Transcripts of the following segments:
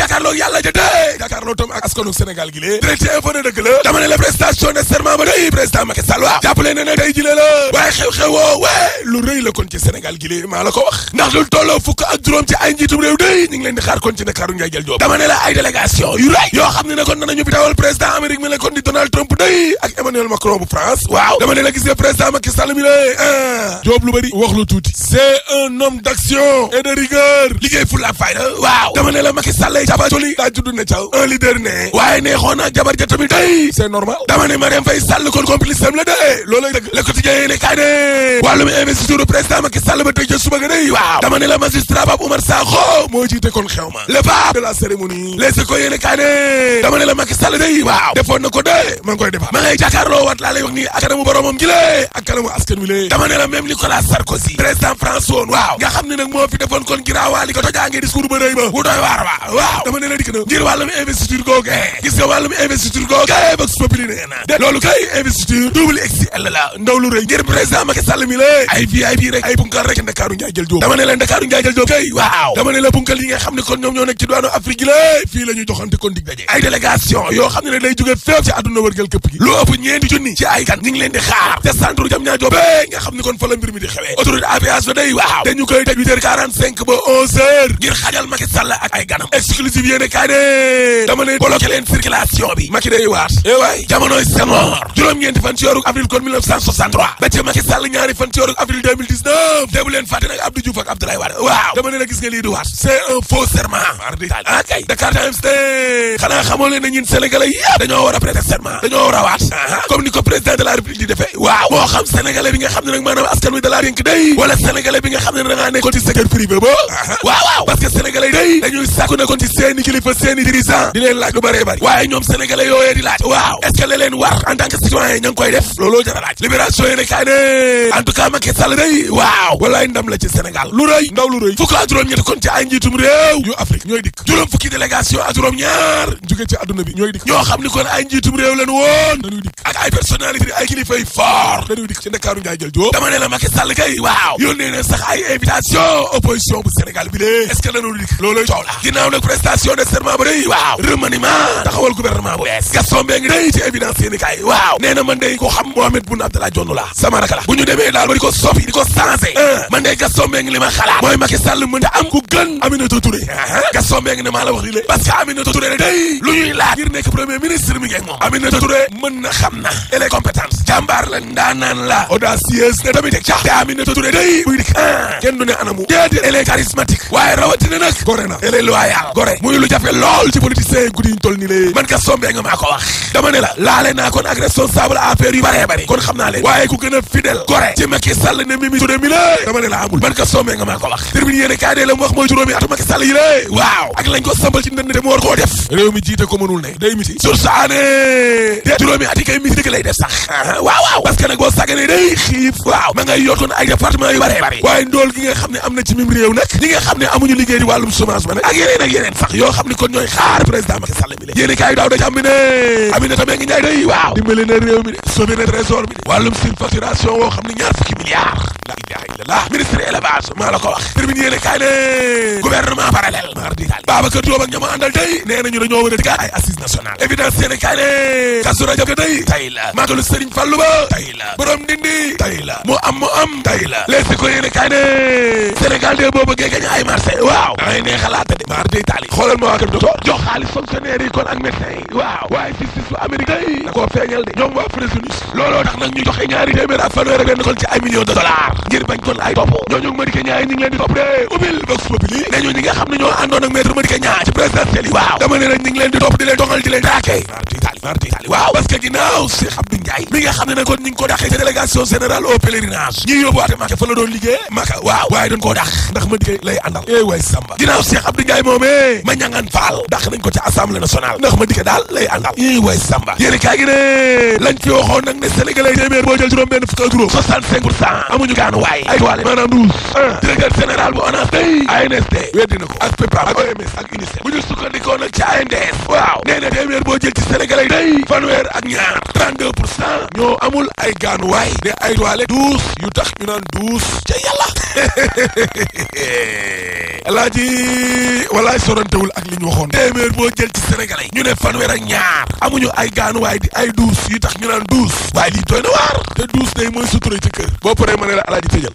ya jàkkaarloog yàlla ja dee jàkkaarloo tam ak askanu Sénégal gi lee directeur info la dama ne la ba day président Macky Sall waa jàppale ne ne tey jile la xew-xew woo waaye lu la kon ci Sénégal gi maa la ko wax ndax lu tolloo fukk ak juróom ci ay njiitum réew day ñu leen di xaar kon ci Ndakaaru ngay jël joob dama la ay délégation yu rëy yoo xam ne ne kon danañu fi dawal président Amérique mi kon di Donald Trump day ak Emmanuel Macron bu France li daa judd ne caw un leader ne waaye ne xoon naa jabar ja tamit day c'est normal dama ne Marième Faye Sall kon complice am la de eh, loolay dëgg le quotidien yéene kaay ne wàllum investiture président Macky Sall ba tëj ja suba ga day waaw dama la magistrat Pape Oumar Sakho moo jiite kon xew ma le pape de la cérémonie les éco yéene kaay ne la Macky Sall day waaw defoon na ko de ma ngi koy defaat ma ngay jàkkaarloo waat laa nii ak kanamu la dikk na investiture googe gis nga wàllum investiture googe loolu kay investiture double XL ndaw lu rëy ngir président Macky Sall mi la ay bii ay bii rek ay bunkar rek ndakaaru njaay jël jóob la ndakaaru njaay jël kay waaw dama la bunkal yi xam ne kon ñoom ñoo nekk ci doonu Afrique la la ñuy doxante kon dig daje ay délégation yoo xam ne ne day jóge di xaar te di xewee ba day waaw dañu koy tëj 8 h ba 11h yéene kaay ne dama ne bloqué leen bi Macky day waat eh waay jamonoy Senghor juróom-ñeenti fan ci weeru avril kon 1963 ba ci Macky Sall ñaari fan ci weeru avril 2019 débu leen fàtte nag Abdou Diouf ak Abdoulaye Wade waaw dama ne gis nga di waat c'est un faux serment ah kay Dakar Times de xanaa xamoo leen ne ñun sénégalais yëpp dañoo war a prêter dañoo war a waat ah, ah. comme ni ko président de la république di defee waaw moo xam seeni kilifa seeni dirigeant di leen laaj lu bëree bëri waaye ñoom sénégalais yooyee di laaj waaw est ce que la war en tant que citoyen koy def looloo jar a laaj libération yéene kaay ne day waaw walaay ndam la ci lu rëy ndaw lu rëy fukk ak juróom kon ci ay njiitum réew ñooy dikk ñoo xam ni kon ay njiitum réew leen woon dañuy dikk ay personnalité ay kilifa yu fort dikk ci Ndakaaru Njaay jël joo dama ne la Macky waaw yónnee prestation de serment ba taxawal gouvernement bu bees Gaston Mbengue ci évidence yéen i waaw nee na man ko xam Mohamed Boun Abdallah Dionne la sama raka la bu ñu demee daal ba ko soppi di ko changé man day Gaston Mbengue li ma xalaat mooy Macky Sall mën ta am ku gën Aminata Touré ah, Gaston Mbengue ne maa la wax li lée parce que Aminata Touré day lu ñuy laaj ngir nekk premier ministre mi ngeeg moom Aminata Touré mën na xam na elle est compétente la ndaanaan la audacieuse ne lu jafe lool ci politiciens yi yi ñu toll nii man Gaston Mbengue maa ko wax dama ne la laale naa kon ak responsable affaire yu bëree bëri kon xam naa leen waaye ku gën a fidèle gore ci Macky Sall ne Mimi Touré mi lée dama ne la amul man Gaston Mbengue maa ko wax termine yéene kaay dee la mu wax mooy juróomi atu Macky Sall yi lée waaw ak lañ ko sambal ci ndënd te mu koo def réew mi jiite ko mënul ne day miti sur saane dee juróomi at yi kay miti dëgg lay waaw ma ngay yor kon ay département yu bare bare waaye ndool gi nga xam ne am na ci mim réew nag ñi nga xam ne amuñu liggéey di wàllum chômage ba nag ak yeneen ak yeneen sax yoo xam ne kon ñooy xaar président Macky Sall bi le yéeni kaay daaw da jàm bi ne Aminata ministre élevage maa la ko wax termine yéene kaay ne gouvernement parallèle mardi daal Babacar Diop ak day nee nañu dañoo war a dëggaat ay assises nationales évidence yéene kaay ne Kazu Rajab day tay tey la mu am mu am tey la les si ko yéene kaay ne Sénégal de boo bëggee gañ ay waaw da ngay de mar taali xoolal ma waa kër jox xaalis fonctionnaire yi kon ak médecin waaw waaye justice bu Amérique yi da feeñal de ñoom waa présunis looloo tax nag ñu joxe ñaari téeméer ak fanweer ak benn kon ci ay millions de dollars ngir bañ kon ay topp ñooñu Madické Niang ñu ngi leen di topp de ubbil vox populi nañu ñi nga xam ne ñoo àndoon ak daal au pèlerinage ñiy yóbbuwaate Màkka fa la doon liggéey Màkka waaw waaye doon koo dàq ndax ma diggéey lay àndal eh waay Samba ginnaaw Cheikh Abdou Ndiaye moomee ma ñangaan faal dàq nañ ko ci assemblée nationale ndax ma diggéey daal lay àndal eh waay Samba yéen kaa gi ne lañ fi waxoon nag ne Sénégalais téeméer boo jël juróom benn fukk ak juróom 65 pour cent amuñu gaanu waay ay waale maanaam douze directeur général bu ONAS day ANSD weddi ko ak PEPAM ñoo amul ay gaanuwaay de ay toilettes douce yu tax ñu naan douce ca yàlla alaaji walaay sorantewul ak li ñu waxoon téeméer boo jël ci yi ñu ne fanweer ak ñaar amuñu ay gaanuwaay di ay duus yu tax ñu naan duus waaye lii doy na waar te duus day mooy sutura ci kër boo paree ma ne la alaaji tëjal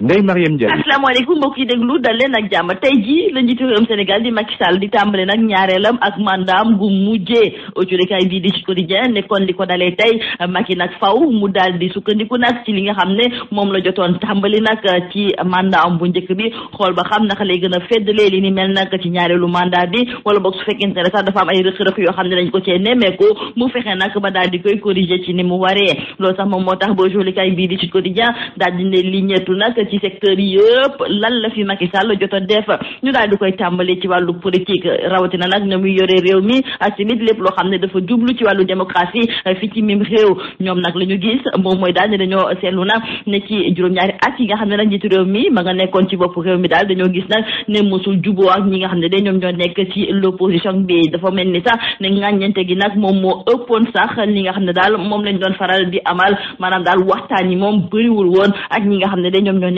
Ndeye Mariam Ndiaye. asalaamaaleykum mbokk yi déglu dal leen ak jàmm tey jii la njiitu réewum Sénégal di Macky Sall di tàmbale nag ñaareelam ak mandaam gu mujjee cuurekaay bii di ci quotidien nekkoon li ko dalee tey Macky nag faw mu daal di sukkandiku nag ci li nga xam ne moom la jotoon tàmbali nag ci mandaam bu njëkk bi xool ba xam naka lay gën a feddalee li ni mel nag ci ñaareelu mandat bi wala boog su fekkente ne sax dafa am ay rëq-rëq yoo xam ne dañ ko cee nemmeeku mu fexe nag ba daal di koy corriger ci ni mu waree loolu sax moom moo tax ba cuurekaay bii di ci quotidien di ne li ñettu ci secteur yëpp lan la fi Macky Sall jot a def ñu daal di koy tàmbale ci wàllu politique rawatina nag na muy yore réew mi ak tamit loo xam ne dafa jublu ci wàllu démocratie eh, fi ci mim réew ñoom nag la ñu gis moom mooy daal ne dañoo seetlu na ne ci juróom-ñaari yi nga xam ne nag njiitu réew mi ma nga nekkoon ci bopp réew daal dañoo gis nag ne mosul juboo ak ñi nga xam ne de ñoom ñoo nekk ci l'opposition bi dafa mel ni sax ne ngàññante gi nag moom moo ëppoon sax li nga xam ne daal moom lañ doon faral di amal maanaam daal waxtaan yi moom bëriwul woon ak ñi nga xam ne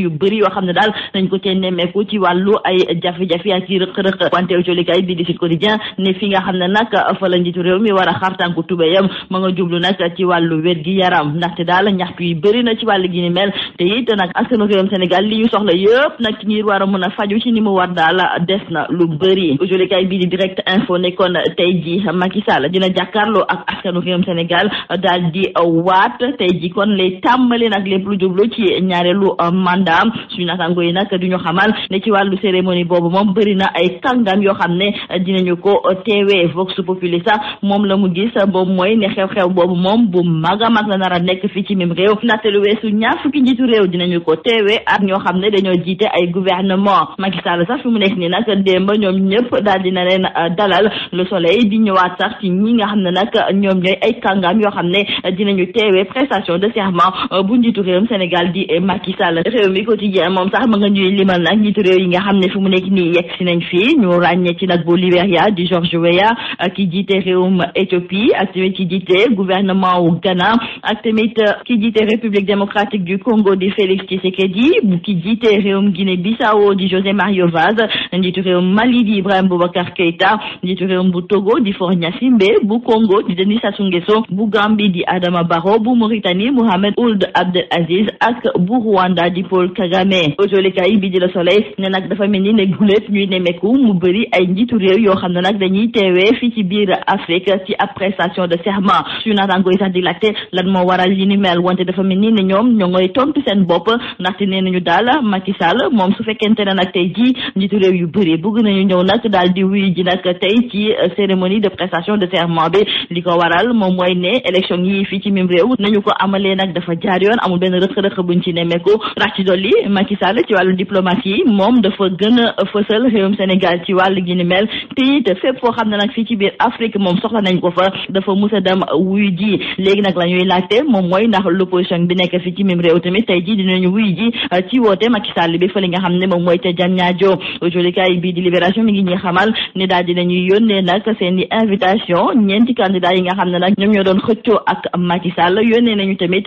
yu bëri yoo xam ne daal dañ ko cee nemmeeku ci wàllu ay jafe-jafe ak ci rëq-rëq wante jolikaay bi di Sud Quotidien ne fi nga xam ne nag fa la njiitu réew mi war a xartànku tubéyam ma nga jublu nag ci wàllu wér gi yaram ndaxte daal ñaxtu yi bëri na ci wàllu gi ni mel te it nag askanu réewum Sénégal li ñu soxla yëpp nag ngir war a mun a faju ci ni mu war daal des na lu bëri jolikaay bi di direct info ne kon tey ji Macky Sall dina jàkkaarloo a askanu réewum Sénégal daal di waat kàngaam suñu naataango yi nag duñu xamal ne ci wàllu cérémonie boobu moom bëri na ay kàngaam yoo xam ne dinañu ko teewee vox populi sax moom la mu gis boobu mooy ne xew-xew boobu moom bu mag a mag la nar a nekk fii ci mim réew ndaxte lu weesu ñaar fukki njiitu réew dinañu ko teewee ak ñoo xam ne dañoo jiite ay gouvernement Macky Sall sax fi mu nekk nii nag démb ñoom ñëpp daal dina leen euh, dalal le soleil di ñëwaat sax ci ñi nga xam ne nag ñoom ñooy ay kàngaam yoo xam ne dinañu teewee prestation de serment euh, bu njiitu réewum Sénégal di Macky Sall réew mi mi quotidien mom sax ma nga ñuy limal nak yi nga fu mu nekk nañ ñu ci Libéria di George Weah ki Éthiopie gouvernement au Ghana ak qui euh, ki République démocratique du Congo de Félix Tshisekedi bu ki Guinée-Bissau de José Mario Vaz Mali di Ibrahim Boubacar Keïta Togo di Fornia Simbe bu Congo di Denis Sassou Nguesso bu Gambie di Adama Barrow bu Mauritanie Mohamed Ould Abdel Aziz ak bu Rwanda di Paul Paul Kagame ausoleka yi bi di la soleil ne nak dafa mel ni ne guléet ñuy nemeku mu bëri ay njiitu réew yo xamna nak dañuy téwé fi ci biir Afrique ci ab de serment suñu naataango yi sa di laajte lan mo waral li ni mel wante dafa mel ni ne ñoom ñoo ngay tontu seen bopp ndaxte nee nañu daal Macky Sall mom su fekkente nak tay ji jii njiitu réew yu bëri bëgg nañu ñëw nag dal di wuy ji nak tay ci cérémonie de prestation de serment bi liko ko waral moom mooy ne élection yi fi ci mim réew nañu ko amalé nak dafa jaar yoon amul ben rëq-rëq buñ ci nemeku rax ci dolli Macky Sall ci wàllu diplomatie moom dafa gën a fësal Sénégal ci wàllu gi ni mel te it fépp foo xam ne nag fii ci biir Afrique moom soxla ko fa dafa mus a dem wuy ji léegi nag la ñuy laajte moom mooy ndax l'opposition bi nekk fii ci même réew tamit tey ji dinañu wuy ji euh, ci woote Macky Sall bi fële nga xam ne moom mooy ca Diamniadio jolikaay bii di libération mi ngi ñuy xamal ne daal dinañuy yónnee nag seen invitation ñeenti candidat yi nga xam ne nag ñoom ñoo doon xëccoo ak Macky Sall yónnee nañu tamit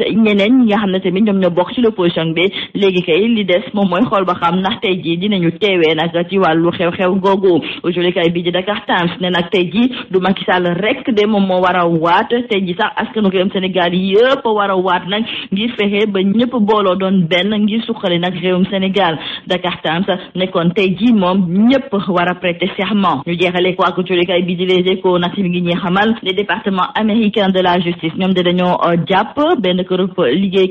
léegi indi li des moom mooy xool ba xam ndax tey jii dinañu teewee nak ci walu xew-xew googu jolikaay kay bidi Dakar Times né nak tey jii du Macky Sall rek dé mom mo wara a waat tey sax askanu réewum Sénégal yépp wara a waat nag ngir fexe ba ñëpp bolo doon ben ngir suqali nak réewum Sénégal Dakar Times nekkoon tey jii mom ñëpp wara a prêter serment ñu jéxalé ko ak jolikaay kay bidi Les éco nag ci ngi ñuy xamal les départements américains de la justice ñom dé dañoo japp jàpp benn kërub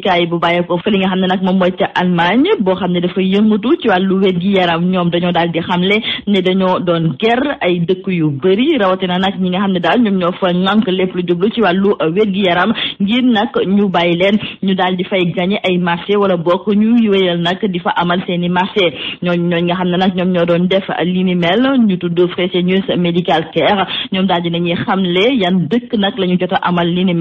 kay bu ko fa li nga xam nak mom moy mooy ca Allemagne boo xam ne dafa yëngatu ci wàllu wér gi yaram ñoom dañoo daal di xamle ne dañoo doon ger ay dëkk yu bëri rawatina nag ñi nga xam ne daal ñoom ñoo fa nànk lépp lu jublu ci wàllu euh, wér gi yaram ngir nag ñu bàyyi leen ñu daal di fay gagné ay marché wala bokk ñu wéyal nag di fa amal seen i marché ñooñ ñooñ nga xam ne nag ñoom ñoo doon def li ni mel ñu tudd Fresenius Medical Care ñoom daal di nañuy xamle yan dëkk nag la ñu jot a amal li ni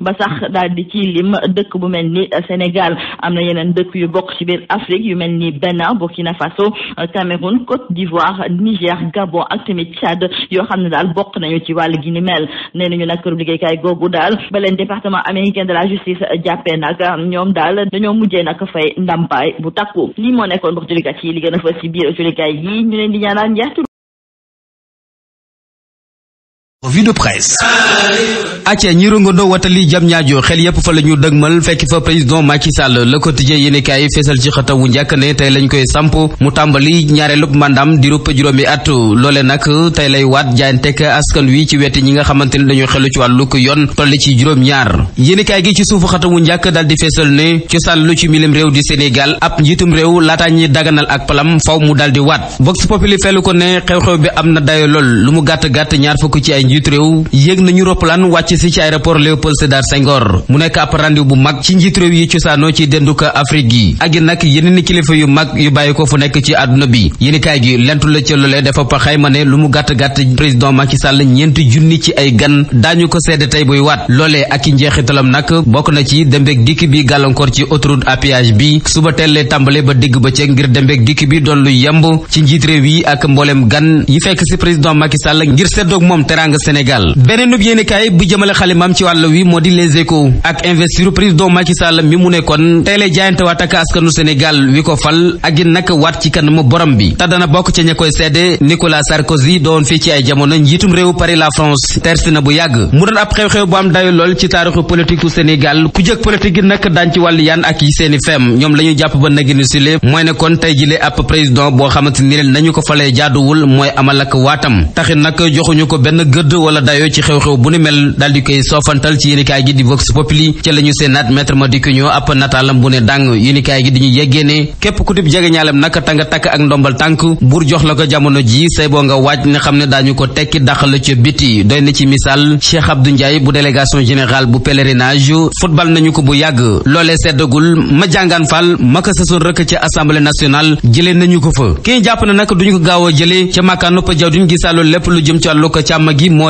ba sax daal di ci lim dëkk bu mel ni euh, Sénégal am na yeneen dëkk yu bokk ci biir Afrique yu mel ni Bénin Burkina Faso euh, Cameroun Côte d'Ivoire Niger Gabon ak tamit Tchad yoo xam ne daal bokk nañu ci wàll gi ni mel nee nañu nag këru kaay googu daal ba leen département américain de la justice euh, jàppee nag euh, ñoom daal dañoo mujjee nag fay ndampaay bu takku lii moo nekkoon mbokk jullikat yi li gën a fës ci biir jullikat yi ñu leen di ñaanal njeextu revue de presse acca ñi rongandoo watali jam ñaajo xel yépp fa la ñu dëgmal fekk fa président Macky Sall le quotidien yéenekaay feesal ci xëtawu njàkk ne tey lañ koy samp mu tàmbali ñaareelub mandam di rupp juróomi at loole nag tey lay waat jaayantek askan wi ci weti ñi nga xamante ne dañoo xelu ci wàlluk yoon tolli ci juróom-ñaar yéenekaay gi ci suufu xëtawu njàkk daal di feesal ne cosaan lu ci milim réew di Sénégal ab njiitum réew laataa ñi daganal ak palam faw mu daal di waat vox populi fellu ko ne xew-xew bi njiit réew yéeg nañu roppalaan wàcc si ci aéroport Léopold Sédar Senghor mu nekk ab bu mag ci njiit yi cosaanoo ci denduka Afrique gi ak yi nag yeneen kilifa yu mag yu bàyyi ko fu nekk ci àdduna bi yéenekaay gi lentu la ca loolee dafa xayma ne lu mu gàtt-gàtt président Macky Sall junni ci ay gan daañu ko seede tey buy waat loolee ak i njeexitalam nag bokk na ci dembeeg dikk bi gàllankoor ci autoroute à péage bi suba teellee tàmbale ba digg ba ceeg Sénégal beneenub yéenekaay bu jëmale xalimaam ci wàll wi moo di Les Échos ak investiru président Macky Sall mi mu nekkoon tey lay jaayantewaat ak askanu Sénégal wi ko fal ak it waat ci kanamu borom bi te bokk ca ña koy seede Nicolas Sarkozy doon fii ci ay jamono njiitum réew Paris la France tersi na bu yàgg mu doon ab xew-xew bu am lool ci taarixu politique u ku jëkk politique gi nag daan ci wàll yaan ak yi seeni feem ñoom la jàpp ba nag wala dayoo ci xew-xew bu ni mel daal di koy soofantal ci yéenekaay gi di Vox Populi ci la ñu seenaat maître Madické Niang ab nataalam bu ne dàng yéenekaay gi di ñu yeggee ne képp ku jege ñaalem naka ta takk ak ndombal tànk buur jox la ko jamono ji say boo nga waaj ne xam ne daañu ko tekki dàqal la ca biti doy na ci misaal Cheikh Abdou Ndiaye bu délégation générale bu pèlerinage football nañu ko bu yàgg loolee seddagul ma jàngaan faal ma ko sasoon rëkk a ci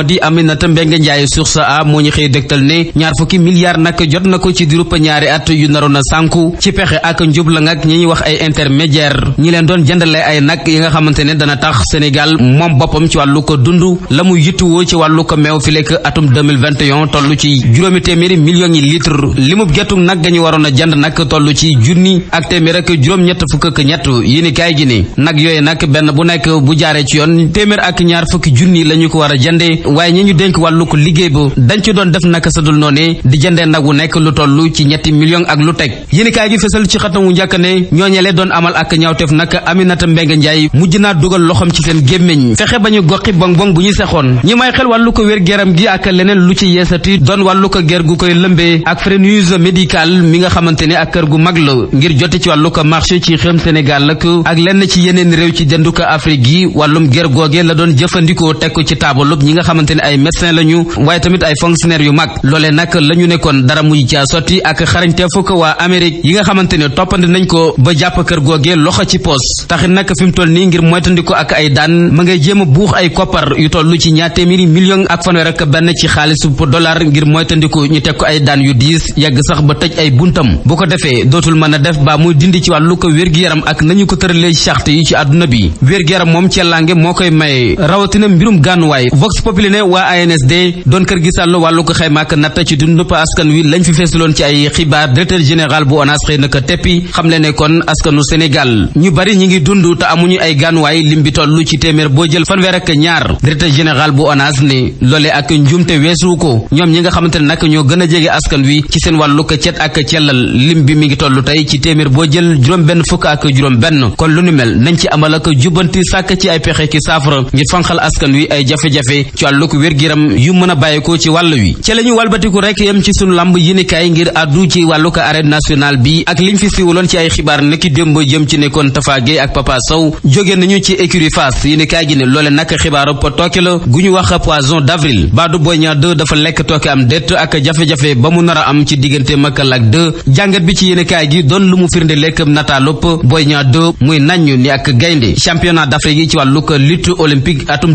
wàllu moo di Aminata Mbengue Ndiaye source a mo ñi xey dektal ne ñaar fukki milliard nak jot nako ko ci dirup ñaari at yu naroon a sànku ci pexe ak njub la nag ñi wax ay intermédiaire ñi leen doon jëndale ay nak yi nga xamantene dana tax Sénégal mom bopam ci walu ko dundu lamu yittu wo ci walu ko mew fi lek atum 2021 tollu ci juróomi téeméeri millions yi litre limu gettu nak gañu waroon a jënd nag toll ci junni ak téeméer ak juroom ñett fukk ak ñett yi ni kay gi ni nak yoy nak ben bu nek bu jaaré ci yoon téeméer ak ñaar fukki junni lañu ko wara a waaye ñi ñu dénk wàllu ko liggéey ba dañ ci doon def naka sadul noonu di jëndee nag wu nekk lu toll ci ñetti million ak lu teg yéenikaay gi fësal ci xatam wu njàkk ne ñooñelee doon amal ak ñaawteef nag Aminata Mbengue Ndiaye mujj naa dugal loxoom ci seen gémmiñ fexe ba ñu goxi bong bong bu ñu sexoon ñi may xel wàllu ko wér-géram gi ak leneen lu ci yeesati doon wàllu ko ger gu koy lëmbee ak frénuse médical mi nga xamante ne ak kër gu mag la ngir jote ci wàllu ko marché ci xëm Sénégal la ko ak lenn ci yeneen réew ci jëndu ko Afrique gi wàllum ger googee la doon jëfandikoo teg ko ci taabalub xamante ne ay médecin lañu waaye tamit ay fonctionnaire yu mag loolee ñu nekkoon dara muy caa sotti ak xarañte fukk waa Amérique yi nga xamante ne toppandi nañ ko ba jàpp kër googee loxo ci poos taxit nag fi mu toll nii ngir moytandiko ak ay daan ma ngay jéem a buux ay koppar yu toll ci ñaar téeméeri million ak fanweer ak benn ci xaalisu dollar ngir moytandiku ñu teg ko ay daan yu diis yegg sax ba tëj ay buntam bu ko defee dootul mën a def ba muy dindi ci wàllu ko wér-gi-yaram ak nañu ko tëralee charte yi ci àdduna bi wér-gi-yaram moom cellange moo koy maye rawatina mbirum gànnuwaay vox populi ne waa ANSD doon kër gi sàll wàllu ko xayma ak natt ci dund askan wi lañ fi feesaloon ci ay xibaar directeur général bu ONAS xëy naka teppi xam le ne kon askanu Sénégal ñu bari ñu ngi dund te amuñu ay gànnuwaay lim bi toll ci téeméer boo jël fanweer ak ñaar directeur général bu ONAS ne loole ak njuumte weesu ko ñoom ñi nga xamante ne nag ñoo gën a jege askan wi ci seen wàllu ko cet ak cellal lim bi mi ngi toll tey ci téeméer boo jël juróom fukk ak benn kon lu nu mel nañ ci amal ak jubbanti sàkk ci ay pexe ki saafara ngir fanqal askan wi ay jafe-jafe wàlluk wér-giram yu mën a bàyyikoo ci wàll wi ca la ñu walbatiku rek yem ci sunu làmb yéenekaay ngir àddu ci wàlluk arène nationale bi ak liñ fi siiwaloon ci ay xibaar niki démb jëm ci nekkoon Tapha ak Papa jóge nañu ci écurie Fass gi ne loole nag xibaaru tooke la gu ñu wax poisson d'avril baadu Boy Niang 2 dafa lekk tooke am det ak jafe-jafe ba mu nar am ci diggante makal ak 2 jàngat bi ci yéenekaay gi doon lu mu firnde lekk nataalop Boy Niang 2 muy nañu ni ak gaynde championnat d'Afrique ci wàlluk lutte olympique atum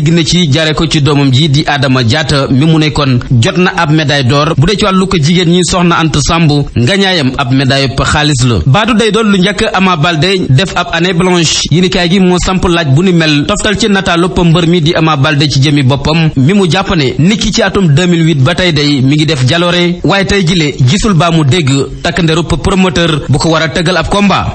sigg na ci jaare ko ci doomam ji di Adama Diatta mi mu nekkoon jot na ab médaille door bu dee ci wàllu ko jigéen ñi soxna Anta Samb ngañaayam ab médaille xaalis la baadu day doon lu njëkk Ama Baldé def ab année blanche yéenekaay gi moo samp laaj bu ni mel toftal ci nataalu mbër mi di Ama Baldé ci jëmi boppam mi mu jàpp ne niki ci atum 2008 ba tey day mi ngi def jaloore waaye tey jile gisul baa mu dégg takk nderu promoteur bu ko war a tëggal ab combat.